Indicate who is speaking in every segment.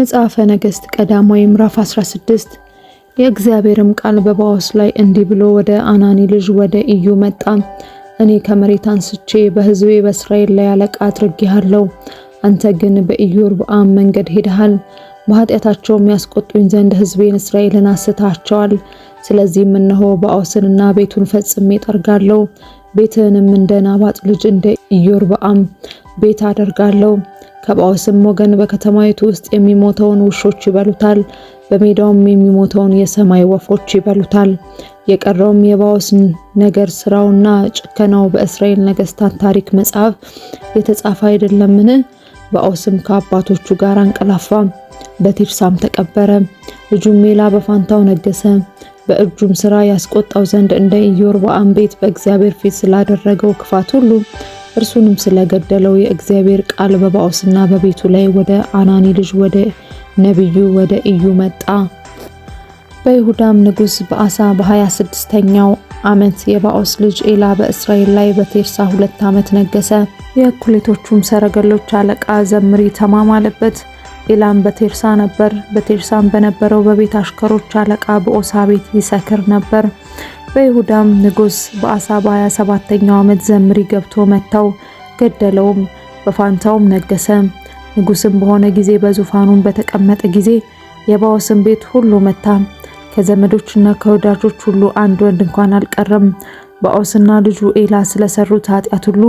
Speaker 1: መጽሐፈ ነገሥት ቀዳማዊ ምዕራፍ 16 የእግዚአብሔርም ቃል በባኦስ ላይ እንዲህ ብሎ ወደ አናኒ ልጅ ወደ ኢዩ መጣ። እኔ ከመሬት አንስቼ በሕዝቤ በእስራኤል ላይ አለቃ አድርጌሃለሁ። አንተ ግን በኢዮርብዓም መንገድ ሄደሃል፣ በኃጢአታቸውም ያስቆጡኝ ዘንድ ሕዝቤን እስራኤልን አስታቸዋል። ስለዚህም እነሆ ባኦስንና ቤቱን ፈጽሜ ጠርጋለሁ፣ ቤትህንም እንደ ናባጥ ልጅ እንደ ኢዮርብዓም ቤት አደርጋለሁ። ከባኦስም ወገን በከተማይቱ ውስጥ የሚሞተውን ውሾች ይበሉታል፣ በሜዳውም የሚሞተውን የሰማይ ወፎች ይበሉታል። የቀረውም የባውስ ነገር ስራውና ጭከናው በእስራኤል ነገስታት ታሪክ መጽሐፍ የተጻፈ አይደለምን? ባኦስም ከአባቶቹ ጋር አንቀላፋ፣ በቲርሳም ተቀበረ። ልጁም ሜላ በፋንታው ነገሰ። በእጁም ስራ ያስቆጣው ዘንድ እንደ ኢዮርባአም ቤት በእግዚአብሔር ፊት ስላደረገው ክፋት ሁሉ እርሱንም ስለገደለው የእግዚአብሔር ቃል በባኦስና በቤቱ ላይ ወደ አናኒ ልጅ ወደ ነቢዩ ወደ ኢዩ መጣ። በይሁዳም ንጉሥ በአሳ በ26ኛው ዓመት የባኦስ ልጅ ኤላ በእስራኤል ላይ በቴርሳ ሁለት ዓመት ነገሰ። የእኩሌቶቹም ሰረገሎች አለቃ ዘምሪ ተማማለበት። ኢላም በቴርሳ ነበር። በቴርሳም በነበረው በቤት አሽከሮች አለቃ በኦሳ ቤት ይሰክር ነበር። በይሁዳም ንጉሥ በአሳ በ27ኛው ዓመት ዘምሪ ገብቶ መታው፣ ገደለውም፣ በፋንታውም ነገሰ። ንጉሥም በሆነ ጊዜ በዙፋኑን በተቀመጠ ጊዜ የባኦስን ቤት ሁሉ መታ። ከዘመዶችና ከወዳጆች ሁሉ አንድ ወንድ እንኳን አልቀረም። ባኦስና ልጁ ኤላ ስለሰሩት ኃጢአት ሁሉ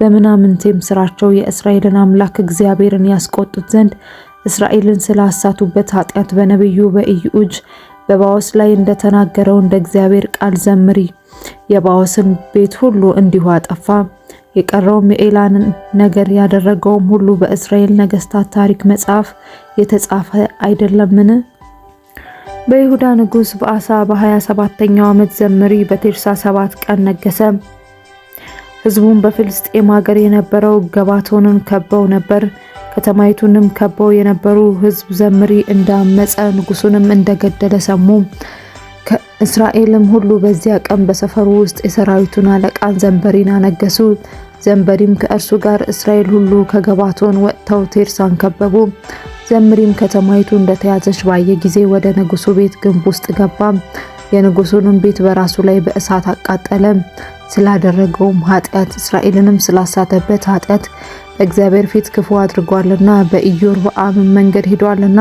Speaker 1: በምናምንቴም ስራቸው የእስራኤልን አምላክ እግዚአብሔርን ያስቆጡት ዘንድ እስራኤልን ስላሳቱበት ኃጢአት በነቢዩ በኢዩ እጅ በባወስ ላይ እንደተናገረው እንደ እግዚአብሔር ቃል ዘምሪ። የባወስን ቤት ሁሉ እንዲሁ አጠፋ። የቀረውም የኤላንን ነገር ያደረገውም ሁሉ በእስራኤል ነገስታት ታሪክ መጽሐፍ የተጻፈ አይደለምን? በይሁዳ ንጉስ በአሳ በ27ኛው ዓመት ዘምሪ በቴርሳ ሰባት ቀን ነገሰ። ህዝቡን በፍልስጤም ሀገር የነበረው ገባቶንን ከበው ነበር። ከተማይቱንም ከበው የነበሩ ህዝብ ዘምሪ እንዳመፀ ንጉሱንም እንደገደለ ሰሙ። ከእስራኤልም ሁሉ በዚያ ቀን በሰፈሩ ውስጥ የሰራዊቱን አለቃን ዘንበሪን አነገሱ። ዘንበሪም ከእርሱ ጋር እስራኤል ሁሉ ከገባቶን ወጥተው ቴርሳን ከበቡ። ዘምሪም ከተማይቱ እንደተያዘች ባየ ጊዜ ወደ ንጉሱ ቤት ግንብ ውስጥ ገባ። የንጉሱንም ቤት በራሱ ላይ በእሳት አቃጠለ። ስላደረገውም ኃጢአት እስራኤልንም ስላሳተበት ኃጢአት በእግዚአብሔር ፊት ክፉ አድርጓልና በኢዮርብዓምን መንገድ ሄዷልና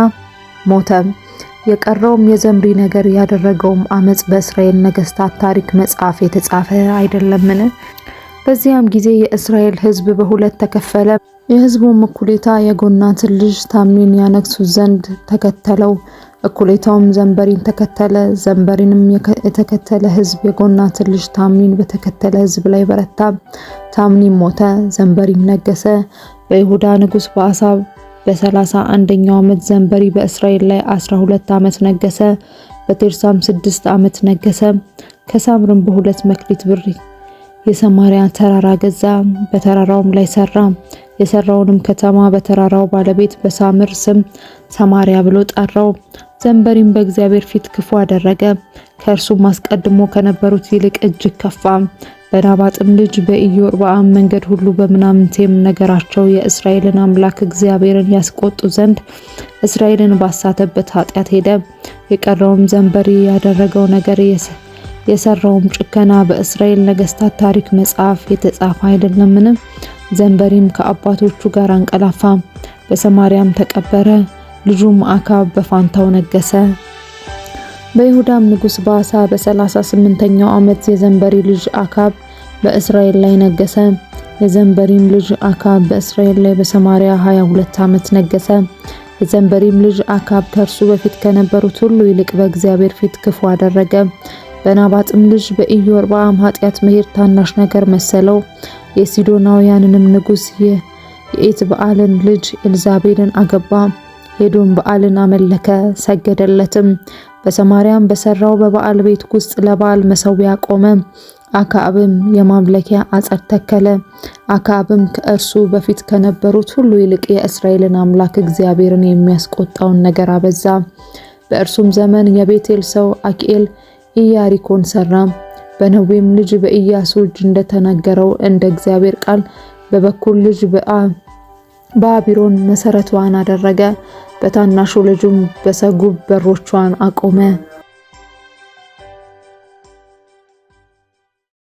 Speaker 1: ሞተም። የቀረውም የዘምሪ ነገር ያደረገውም አመፅ በእስራኤል ነገስታት ታሪክ መጽሐፍ የተጻፈ አይደለምን? በዚያም ጊዜ የእስራኤል ሕዝብ በሁለት ተከፈለ። የሕዝቡም እኩሌታ የጎናትን ልጅ ታምኒን ያነግሱት ዘንድ ተከተለው እኩሌታውም ዘንበሪን ተከተለ። ዘንበሪንም የተከተለ ህዝብ የጎናትን ልጅ ታምኒን በተከተለ ህዝብ ላይ በረታ። ታምኒን ሞተ፣ ዘንበሪም ነገሰ። በይሁዳ ንጉስ በአሳ በሰላሳ አንደኛው ዓመት ዘንበሪ በእስራኤል ላይ 12 ዓመት ነገሰ። በቴርሳም ስድስት ዓመት ነገሰ። ከሳምርም በሁለት መክሊት ብር የሰማሪያ ተራራ ገዛ፣ በተራራውም ላይ ሰራ። የሰራውንም ከተማ በተራራው ባለቤት በሳምር ስም ሰማሪያ ብሎ ጠራው። ዘንበሪም በእግዚአብሔር ፊት ክፉ አደረገ፣ ከእርሱም አስቀድሞ ከነበሩት ይልቅ እጅግ ከፋ። በናባጥም ልጅ በኢዮርብዓም መንገድ ሁሉ በምናምንቴም ነገራቸው የእስራኤልን አምላክ እግዚአብሔርን ያስቆጡ ዘንድ እስራኤልን ባሳተበት ኃጢአት ሄደ። የቀረውም ዘንበሪ ያደረገው ነገር የሰራውም ጭከና በእስራኤል ነገስታት ታሪክ መጽሐፍ የተጻፈ አይደለምን? ዘንበሪም ከአባቶቹ ጋር አንቀላፋ፣ በሰማርያም ተቀበረ። ልጁም አካብ በፋንታው ነገሰ። በይሁዳም ንጉስ ባሳ በ38ኛው ዓመት የዘንበሪ ልጅ አካብ በእስራኤል ላይ ነገሰ። የዘንበሪም ልጅ አካብ በእስራኤል ላይ በሰማሪያ 22 ዓመት ነገሰ። የዘንበሪም ልጅ አካብ ከእርሱ በፊት ከነበሩት ሁሉ ይልቅ በእግዚአብሔር ፊት ክፉ አደረገ። በናባጥም ልጅ በኢዮርባም ኃጢአት መሄድ ታናሽ ነገር መሰለው። የሲዶናውያንንም የኤት በዓልን ልጅ ኤልዛቤልን አገባ። ሄዶም በዓልን አመለከ ሰገደለትም። በሰማርያም በሰራው በበዓል ቤት ውስጥ ለበዓል መሰዊያ ቆመ። አክዓብም የማምለኪያ አጸድ ተከለ። አክዓብም ከእርሱ በፊት ከነበሩት ሁሉ ይልቅ የእስራኤልን አምላክ እግዚአብሔርን የሚያስቆጣውን ነገር አበዛ። በእርሱም ዘመን የቤቴል ሰው አኪኤል ኢያሪኮን ሰራ። በነዌም ልጅ በኢያሱ እጅ እንደተነገረው እንደ እግዚአብሔር ቃል በበኩር ልጅ በአቢሮን መሰረቷን አደረገ። በታናሹ ልጁም በሰጉብ በሮቿን አቆመ።